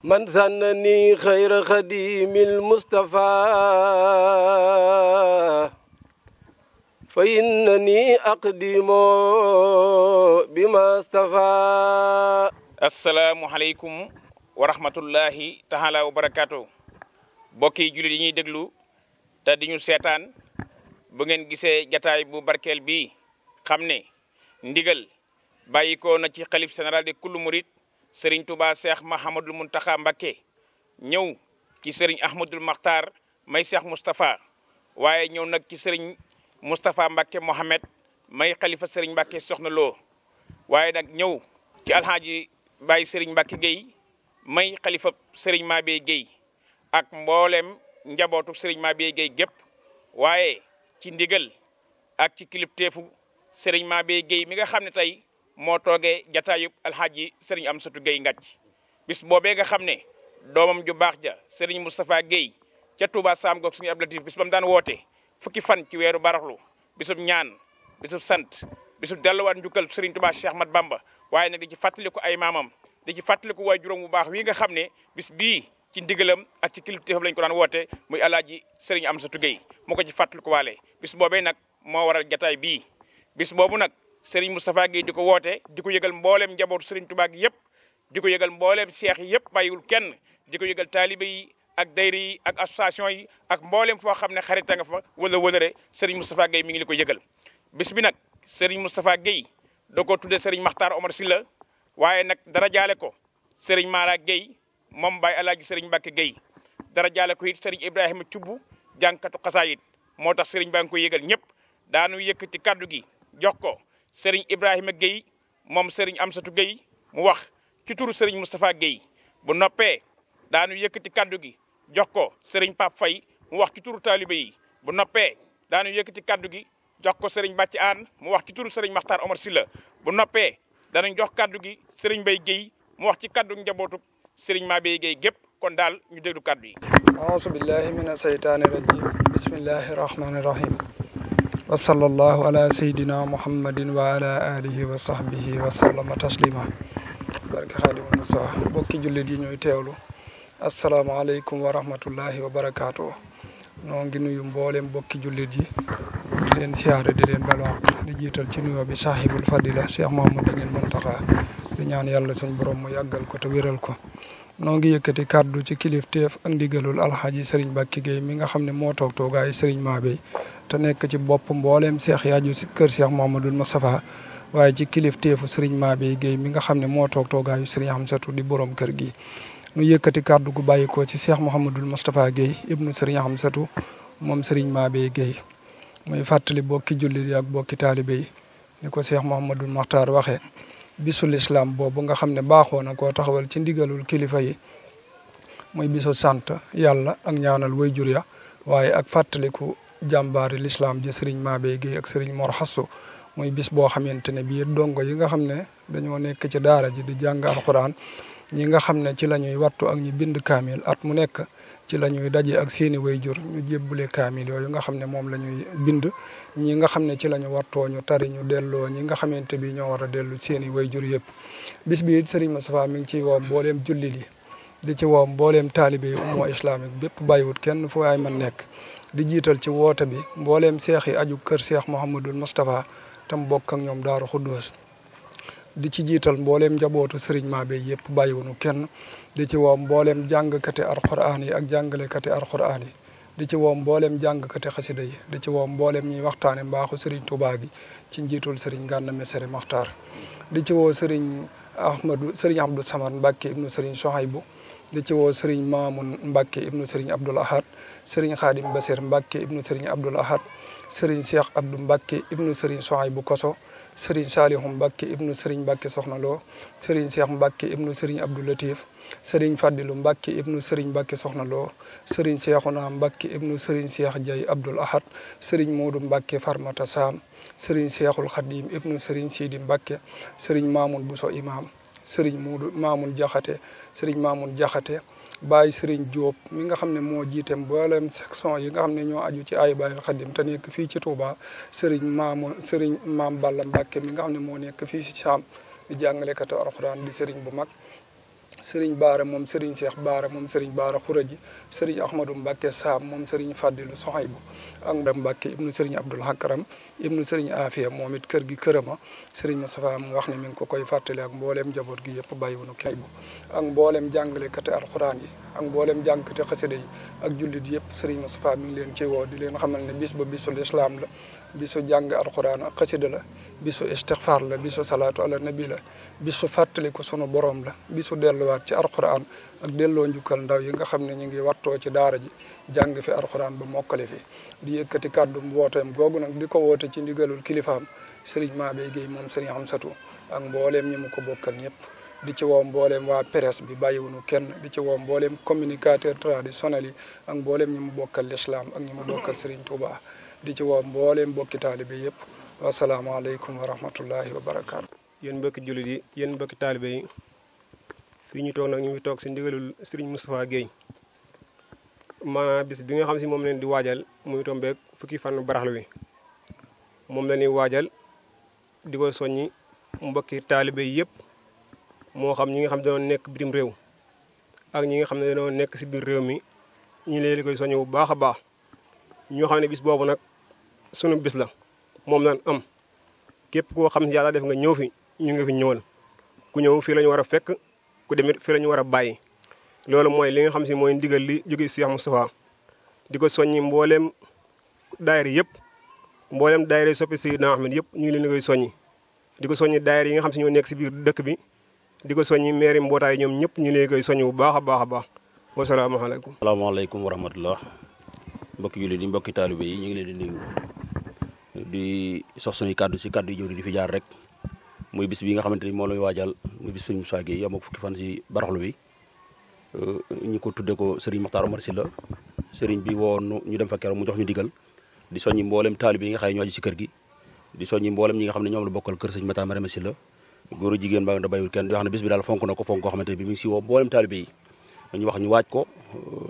من سنني خير خديم المصطفى فإنني أقدم بما استفى السلام عليكم ورحمة الله تعالى وبركاته bokki jullit yi ñuy déglu te di seetaan bu ngeen gisee jataay bu barkeel bi xam ne ndigal bàyyi ko na ci xalif général de kullu murit sëriñ Touba Cheikh Mahamadul Muntaxa Mbakke ñëw ki sëriñ Ahmadul Maxtaar may Cheikh Moustapha waaye ñëw nag ci sëriñ Moustapha Mbakke Mohamed may xalifa sëriñ Mbakke Soxna Lo waaye nag ñëw ci alxaaji Baye sëriñ Mbakke Guèye may xalifa sëriñ Mabé Guèye ak mboolem njabootu sëriñ Mabé Guèye gépp waaye ci ndigal ak ci kilifteefu sëriñ Mabé Guèye mi nga xam ne tey. moo toogee jataay jataayub alxaaji sëriñ Amsatu Gueye Ngathie bis boobee nga xam ne doomam ju baax ja sëriñ Moustapha Gueye ca Touba saam goog suñu Abdou Latif bis ba mu daan woote fukki fan ci weeru baraxlu bisub ñaan bisub sant bisub delluwaat njukkal sëriñ Touba Cheikh Ahmad Bamba waaye nag di ci fàttaliku ay maamam di ci fàttaliku waay juróom bu baax wi nga xam ne bis bi ci ndigalam ak ci kilifteefam lañ ko daan woote muy alaaji am Amsatu Gueye moo ko ci fàttaliku waale bis boobee nag moo waral jataay bii bis boobu nag Serigne Moustapha Guèye di ko woote di ko yëgal mbooleem njabootu Serigne Touba gi yëpp di ko yëgal mbooleem seex yi yëpp bàyyiwul kenn di ko yëgal taalibe yi ak dayri yi ak association yi ak mboolem foo xam ne xarita nga fa wala wëlëre Serigne Moustapha Guèye mi ngi li ko yëgal bis bi nag Serigne Moustapha Guèye da ko tuddee Serigne Makhtar Omar Sylla waaye nag dara jaale ko Serigne Mara Guèye moom Baye Alaaji Serigne Mbacke Guèye dara jaale ko it Serigne Ibrahima Thioub jànkatu xasaayit moo tax Serigne baa ngi yëgal ñëpp daanu yëkkati kaddu gi jox ko Serigne Ibrahima Gueye moom Serigne Amsatou Gueye mu wax ci turu Serigne Moustapha Gueye bu noppee daanu yëkkati kaddu gi jox ko Serigne Pape Faye mu wax ci turu taalibe yi bu noppee daanu yëkkati kaddu gi jox ko Serigne Bàcci Aan mu wax ci turu Serigne Makhtar Omar Sylla bu noppee danañ jox kaddu gi Serigne Mbaye Gueye mu wax ci kaddu njabootu Serigne Mabeye Gueye gépp kon daal ñu déglu kaddu yi. aousu billahi mina seytaani rajim bismillahi rahmaani rahim. wa sallallahu ala sayyidina muhammadin wa alihi wa sahbihi taslima bokki jullit yi ñooy teewlu asalaamaaleykum wa rahmatullahi wa barakaatu ngi nuyu mboolem bokki jullit yi di siyaare di leen balwaq di jiital ci nuyoo bi saahibul fadila cheikh mahamadinil muntaxa di ñaan yàlla suñ borom mu yàggal ko te ko noo ngi yëkkati kàddu ci kilifteef ak ndigalul alxaaji sëriñ Mbàkke Géey mi nga xam ne moo toog toogaay sëriñ Maabey te nekk ci bopp mbooleem seex yaaju si kër seex Mouhamadul Moustapha waaye ci kilifteefu sëriñ Mabeye géey mi nga xam ne moo toog toogaayu sëriñ Hamsatu di borom kër gi. nu yëkkati kàddu gu ko ci seex Mouhamadul Moustapha Guèye ibnu sëriñ Hamsatu moom sëriñ Mabeye Guèye muy fàttali bokki jullit yi ak bokki taalibe yi ni ko seex Mouhamadul Maxtaar waxee. bisu lislaam boobu nga xam ne baaxoo na koo taxawal ci ndigalul kilifa yi muy bisu sant yàlla ak ñaanal way jàmbaari lislaam ji sëriñ Mabey Guèye ak sëriñ Mor Xasso muy bis boo xamante ne bii dongo yi nga xam ne dañoo nekk ci daara ji di jàng alxuraan ñi nga xam ne ci la ñuy wattu ak ñi bind kaamil at mu nekk ci la ñuy daje ak seeni wayjur ñu jébbule kaamil yooyu nga xam ne moom la ñuy bind ñi nga xam ne ci la ñu wattoo ñu tari ñu delloo ñi nga xamante bi ñoo war a dellu seeni wayjur yëpp bis bi it sëriñ Moustapha mi ngi ciy woo mbooleem jullit yi di ci woo mbooleem taalibe yi umma islamique bépp bàyyiwut kenn fu waay man nekk di jiital ci woote bi mbooleem seex yi aju kër seex Mouhamadul Moustapha tam bokk ak ñoom Daaru Xuddoos di ci jiital mbooleem njabootu sëriñ Mabé yëpp bàyyiwunu kenn di ci woo mbooleem jàngkati alxuraan yi ak jàngalekati alxuraan yi di ci woo mbooleem jàngkati xasida yi di ci woo mbooleem ñuy waxtaane mbaaxu sëriñ Touba gi sëriñ Gana Messere Maxtaar Ahmadou Serigne Abdou Samad Mbacke ibnu Serigne Sohaybu di ci woo Serigne Mamoun Mbacke ibnu Serigne Abdoul Ahad Serigne Khadim Basir Mbacke ibnu Serigne Abdoul Ahad Serigne Cheikh Abdou Mbacke ibnu Serigne Sohaybu Koso sëriñ Saalihu Mbàkke ibnu sëriñ Mbàkke Soxna Lo sëriñ Seex Mbàkke ibnu sëriñ Abdou Latif sëriñ Fàddilu Mbàkke ibnu sëriñ Mbàkke Soxna Lo sëriñ Seexuna Mbàkke ibnu sëriñ Seex Jay Abdul Ahad sëriñ Moodu Mbàkke Farmata Saam sëriñ Seexul Xadim ibnu sëriñ Siidi Mbàkke sëriñ Maamun Buso Imaam sëriñ Moodu Maamun Jaxate sëriñ Maamun Jaxate Baye Serigne Diop mi nga xam ne moo jiite mboolem section yi nga xam ne ñoo aju ci ay Baayul Xadim te nekk fii ci Touba Serigne Maam Serigne Maam Balla Mbacke mi nga xam ne moo nekk fii ci Saam di jàngalekatu Alxuraan di Serigne bu mag. sëriñ baara moom sëriñ seex baara moom sëriñ baara xuraji sëriñ ahmadou mbàkke saam moom sëriñ fàddilu soxaybu ak ndam mbàkke ibnu sëriñ abdul hakaram ibnu sëriñ afiya moom it kër gi kërama seriñ moustapha mu wax ne mi ngi ko koy fàttali ak mbooleem njaboot gi yëpp bàyyiwunu kay bu ak mbooleem jàngalekati alxuraan yi ak mbooleem jàngkati xasida yi ak jullit yëpp sëriñ moustapha mi ngi leen ci woo di leen xamal ne bis ba bisul islaam la bisu jàng alxuraan a xasida la bisu istixfaar la bisu salaatu ala nabi la bisu fàttaliku sunu borom la bisu delluwaat ci alxuraan ak delloo njukkal ndaw yi nga xam ne ñu ngi wattoo ci daara ji jàng fi alxuraan ba mokkale fi di yëkkati kàddu wooteem googu nag di ko woote ci ndigalul kilifaam sëriñ Mabey Guèye moom sëriñ Amsatu ak mbooleem ñi mu ko bokkal ñëpp di ci woo mbooleem waa presse bi bàyyiwunu kenn di ci woo mbooleem communicateur traditionnel ak mbooleem ñi mu bokkal l'islam ak ñi mu bokkal Serigne Touba di ci woo mbooleem mbokki taalibe yëpp wasalaamaaleykum wa rahmatullahi wa barakaatu. yéen mbokki jullit yi yéen mbokki taalibe yi fii ñu toog nag ñu ngi toog si ndigalul Serigne Moustapha Guèye maanaam bis bi nga xam si moom leen di waajal muy tombeek fukki fan baraxlu wi moom la ñuy waajal di ko soññi mbokki taalibe yëpp moo xam ñi nga xam dañoo nekk bitim réew ak ñi nga xam ne dañoo nekk si biir réew mi ñu leen di koy soññ bu baax a baax ñoo xam ne bis boobu nag sunu bis la moom lan am képp koo xam ne yàlla def nga ñëw fi ñu ngi fi ñëwal ku ñëw fii lañu ñu war a fekk ku demit fii la ñu war a bàyyi loolu mooy li nga xam si mooy ndigal li jóge Cheikh Moustapha di ko soññi mbooleem daayira yëpp mboolem daayira soppi Seydina Ahmed yëpp ñu ngi leen di soññi di ko soññi daayira yi xam si ñoo nekk si biir dëkk bi di ko soññi maire mbootaay ñoom ñëpp ñu ngi leen koy soññi bu baax a baax a baax wasalaamaaleykum salaamaaleykum wa rahmatullah mbokki jullit yi mbokki taalibe yi ñu ngi leen di nuyu di sox suñuy kàddu si kàddu yi jëwri di fi jaar rek muy bis bi nga xamante ni moo lay waajal muy bis bi euh, ñu ko tuddee ñu dem fa mu jox ñu digal di soññi mboolem taalib yi nga xam ne ñoo si kër gi di soññi mboolem ñi nga xam ne ñoom la bokkal kër sëñ Makhtar Marama Sylla góor jigéen baa nga da bàyyiwul kenn di wax ne bis bi daal fonk na ko fonk koo xamante bi mi si woo mboolem taalib yi ñu wax ñu waaj ko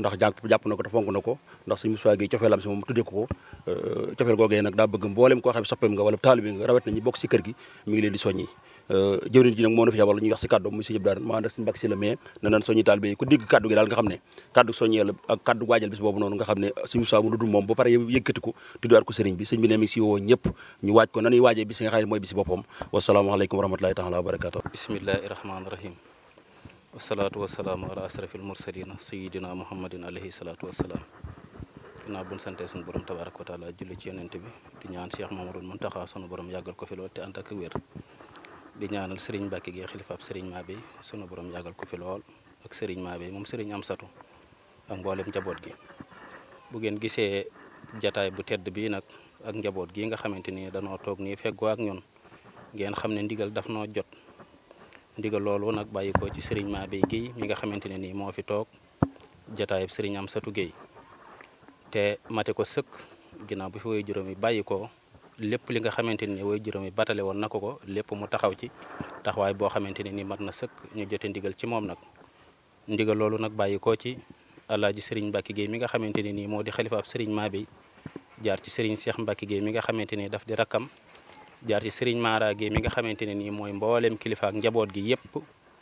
ndax jàpp jàpp na ko te fonk na ko ndax suñu musuwaay gi cofeelam si moom tuddee ko euh, cofeel googee nag daa bëgg mboolem koo xam ne soppeem nga wala taalibi nga rawet nañu bokk si kër gi mi ngi leen di soññi euh, jëwriñ ji nag moo na fi yabal gi daal nga xam ne kàddu soññee la ak kàddu bis boobu noonu nga xam ne suñu musuwaay mu dudul moom ba pare yëkkati ko tuddaat ko sëriñ bi sëñ bi ne mi ngi si woo ñëpp ñu waaj ko nanuy waajee bis nga xam ne mooy wasalaatu wasalaamu ala asrafil mursalina sayidina muhammadin alayhi salaatu wasalaam ginnaaw buñ santee suñu borom tabaraka wa taala julli ci yonent bi di ñaan cheikh mamadul muntaxa sunu borom yàggal ko fi lool te ànd ak weer di ñaanal sëriñ mbàkke ge xilifaab sëriñ Mabéye sunu borom yàggal ko fi lool ak sëriñ Mabéye moom sëriñ Amsatu ak mboolem njaboot gi bu ngeen gisee jataay bu tedd bii nag ak njaboot gi nga xamante ni danoo toog nii feggoo ak ñun ngeen xam ne ndigal daf noo jot ndigal loolu nag bàyyi ci sëriñ Mabey Guèye mi nga xamante ne nii moo fi toog jataayub sëriñ am satu Guèye te mate ko sëkk ginnaaw bi fi woy juróom yi bàyyi ko lépp li nga xamante ne nii woy juróom yi batale woon na ko ko lépp mu taxaw ci taxawaay boo xamante ne nii mat na sëkk ñu jote ndigal ci moom nag ndigal loolu nag bàyyi ko ci alaaji sëriñ Mbacke Guèye mi nga xamante ne nii moo di xalifaab sëriñ Mabey jaar ci sëriñ Cheikh mbakki Guèye mi nga xamante ni daf di rakkam jaar ci Serigne Mara Guèye mi nga xamante ne nii mooy mboolem kilifa njaboot gi yëpp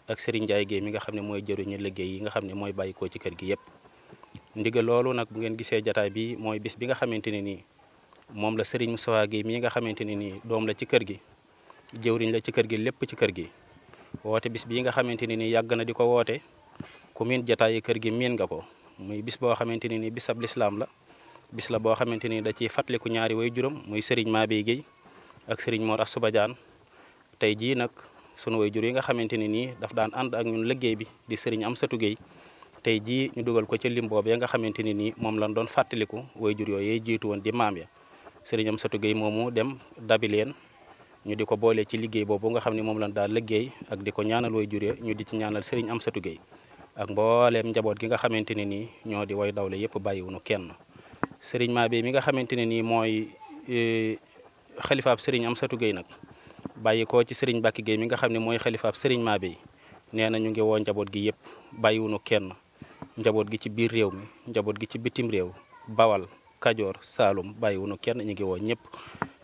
ak Serigne Ndiaye Guèye mi nga xam ne mooy jëruñu liggéey yi nga xam ne mooy bàyyikoo ci kër gi yëpp ndigal loolu nag bu ngeen gisee jataay bi mooy bis bi nga xamante ne nii moom la Serigne Moustapha Guèye mi nga xamante ne nii doom la ci kër gi jëwriñ la ci kër gi lépp ci kër gi woote bis bii nga xamante ne nii yàgg na di ko woote ku miin jataayi kër gi miin nga ko muy bis boo xamante ne nii bisab lislaam la bis la boo xamante ni da ciy fàttaliku ñaari way juróom muy Serigne Mabé Guèye ak Serigne Mor Assou Badiane tey jii nag sunu way waajur yi nga xamante ne nii daf daan ànd ak ñun liggéey bi di sëriñ am Gueye tey jii ñu dugal ko ci lim boobu ya nga xamante ne nii moom lañ doon fàttaliku waajur yooyu jiitu woon di maam ya Serigne Amsatou Gueye moomu dem dabi leen ñu di ko boole ci liggéey boobu nga xam ne moom lañ daal liggéey ak di ko ñaanal jur ya ñu di ci ñaanal Serigne am Gueye ak mbooleem njaboot gi nga xamante ne nii ñoo di way dawle yëpp bàyyiwunu kenn Serigne xalifaab sëriñ Amsatou géey nag bàyyi ko ci sëriñ Bakki Gueye mi nga xam ne mooy xalifaab sëriñ Mabey nee na ñu ngi woo njaboot gi yëpp bàyyiwunu kenn njaboot gi ci biir réew mi njaboot gi ci bitim réew Bawal Kajoor Saalum bàyyiwunu kenn ñu ngi woo ñëpp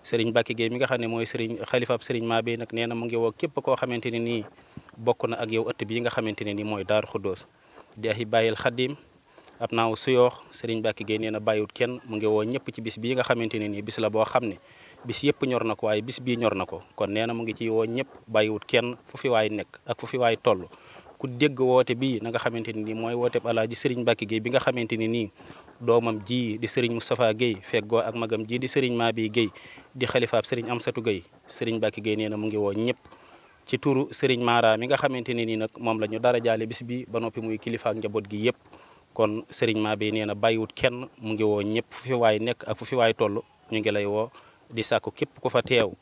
sëriñ Bakki Gueye mi nga xam ne mooy sëriñ xalifaab sëriñ Mabey nag nee na mu ngi woo képp koo xamante ne nii bokk na ak yow ëtt bi nga xamante ne nii mooy Daaru Xuddoos di ahi bàyyil xaddiim ab naaw suyoox sëriñ Bakki Gueye nee na bàyyiwut kenn mu ngi woo ñëpp ci bis bii nga xamante ne nii bis la boo xam ne bis yëpp ñor na ko waaye bis bii ñor na ko kon nee na mu ngi ci woo ñëpp bàyyiwut kenn fu fi waay nekk ak fu fi waay toll ku dégg woote bii na nga xamante ni nii mooy woote bi alaaji Serigne Mbacke Gueye bi nga xamante ni nii doomam ji di Serigne Moustapha Gueye feggoo ak magam ji di Serigne Mabi Gueye di xalifaab Serigne Amsatou Gueye Serigne Mbacke Gueye nee na mu ngi woo ñëpp ci turu Serigne Mara mi nga xamante ne nii nag moom la ñu dara jaale bis bi ba noppi muy kilifa ak njaboot gi yëpp kon Serigne Mabi nee na bàyyiwut kenn mu ngi woo ñëpp fu fi waay nekk waay toll ñu ngi lay woo di sàkku képp ku fa teew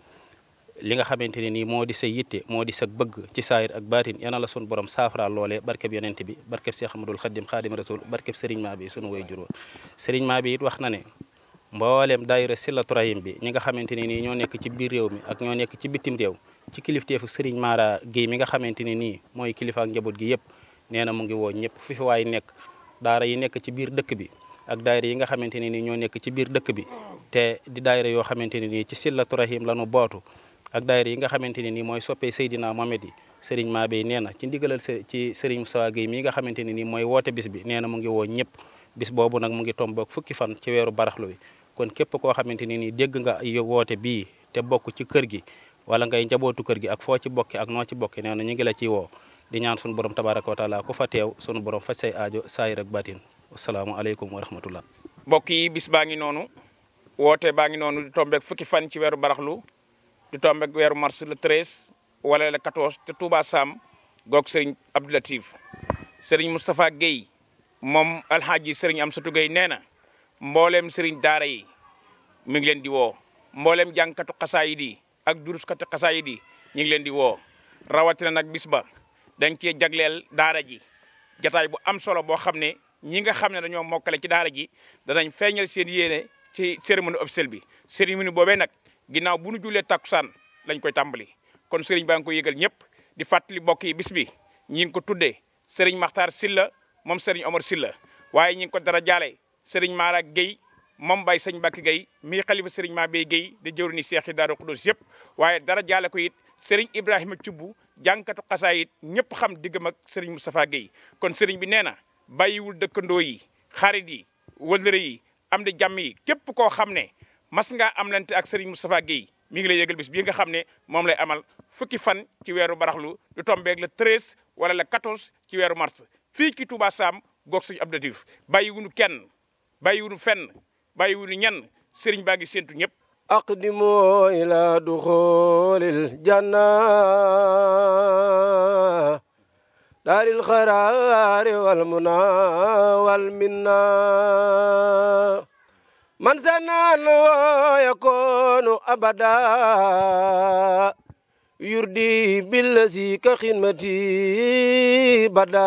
li nga xamante ne nii moo di sa yitte moo di sa bëgg ci saayir ak baatin yana la sun borom saafara loole barkeb yonent bi barkeb Seex Axmadul Xaadim Xaadim Rasul barkeb Sëriñ Maa bi sunu way juróo Sëriñ Maa bi it wax na ne mbooleem daayira Silatu Rahim bi ñi nga xamante ne nii ñoo nekk ci biir réew mi ak ñoo nekk ci bitim réew ci kilifteefu Sëriñ Maara Géy mi nga xamante ne nii mooy kilifa ak njaboot gi yëpp nee na mu ngi woo ñëpp fi fi waay nekk daara yi ne ci biir dëkk bi ak daayira yi nga xamante ne nii ñoo nekk ci biir dëkk bi te di daayira yoo xamante ne nii ci sillatu rahim la ñu bootu ak daayira yi nga xamante ne nii mooy soppee Seydina Mohamed yi Serigne Mabey nee na ci ndigalal ci Serigne Moussa Gueye mii nga xamante ne nii mooy woote bis bi nee na mu ngi woo ñëpp bis boobu nag mu ngi tomboog fukki fan ci weeru baraxlu wi kon képp koo xamante ne nii dégg nga woote bii te bokk ci kër gi wala ngay njabootu kër gi ak foo ci bokki ak noo ci bokki nee na ñu ngi la woo di ñaan suñu borom tabaraka wa taala ku fa teew suñu borom faj say aajo batin asalaamualeykum wa rahmatullah mbokk yi bis baa ngi noonu woote baa ngi noonu di tombeek fukki fan ci weeru baraxlu du tombeek weeru mars le 13 wala le 14 te Touba Sam goog sëriñ Abdou Latif sëriñ Moustapha Guèye moom alxaaji sëriñ am Guèye nee na mbooleem sëriñ daara yi mi ngi leen di woo mbooleem jàngkatu xasaayid yi ak duruskatu xasaayid yi ñu ngi leen di woo rawatina nag bis ba dañ cee jagleel daara ji jataay bu am solo boo xam ne ñi nga xam ne dañoo mokkale ci daara ji danañ feeñal seen yéene ci cérémonie officielle bi cérémonie boobee nag ginaaw bu nu jullee takkusaan lañ koy tàmbali kon sëriñ baa ngi yëgal ñëpp di fàttali mbokk yi bis ñi ngi ko tuddee sëriñ Maxtaar Silla moom sëriñ Omar Silla waaye ñi ngi ko dara jaale sëriñ Mara Guèye moom bay sëñ Bakk Guèye mi xalifa sëriñ maa bay Guèye da jëwri ni seex yi Daaru Xudus yëpp waaye dara jaale ko it sëriñ Ibrahima Thioub jànkatu xasaayit ñëpp xam diggam ak sëriñ Moustapha Guèye kon sëriñ bi nee na bàyyiwul dëkkandoo yi xarit yi wëllëre yi am di jàmm yi képp koo xam ne mas ngaa am lante ak Serigne Moustapha Guèye mi ngi lay yëgal bis bii nga xam ne moom lay amal fukki fan ci weeru baraxlu du tombeeg le 13 wala le 14 ci weeru mars fii ci Touba Sam gox suñu abdatif bàyyiwuñu kenn bàyyiwuñu fenn bàyyiwuñu ñenn Serigne baa ngi séentu ñëpp. aqdimu ila duxulil janna دار الخيرار والمنى والمنى من زنان ويكون أبدا يردي بالذي كخدمتي بدا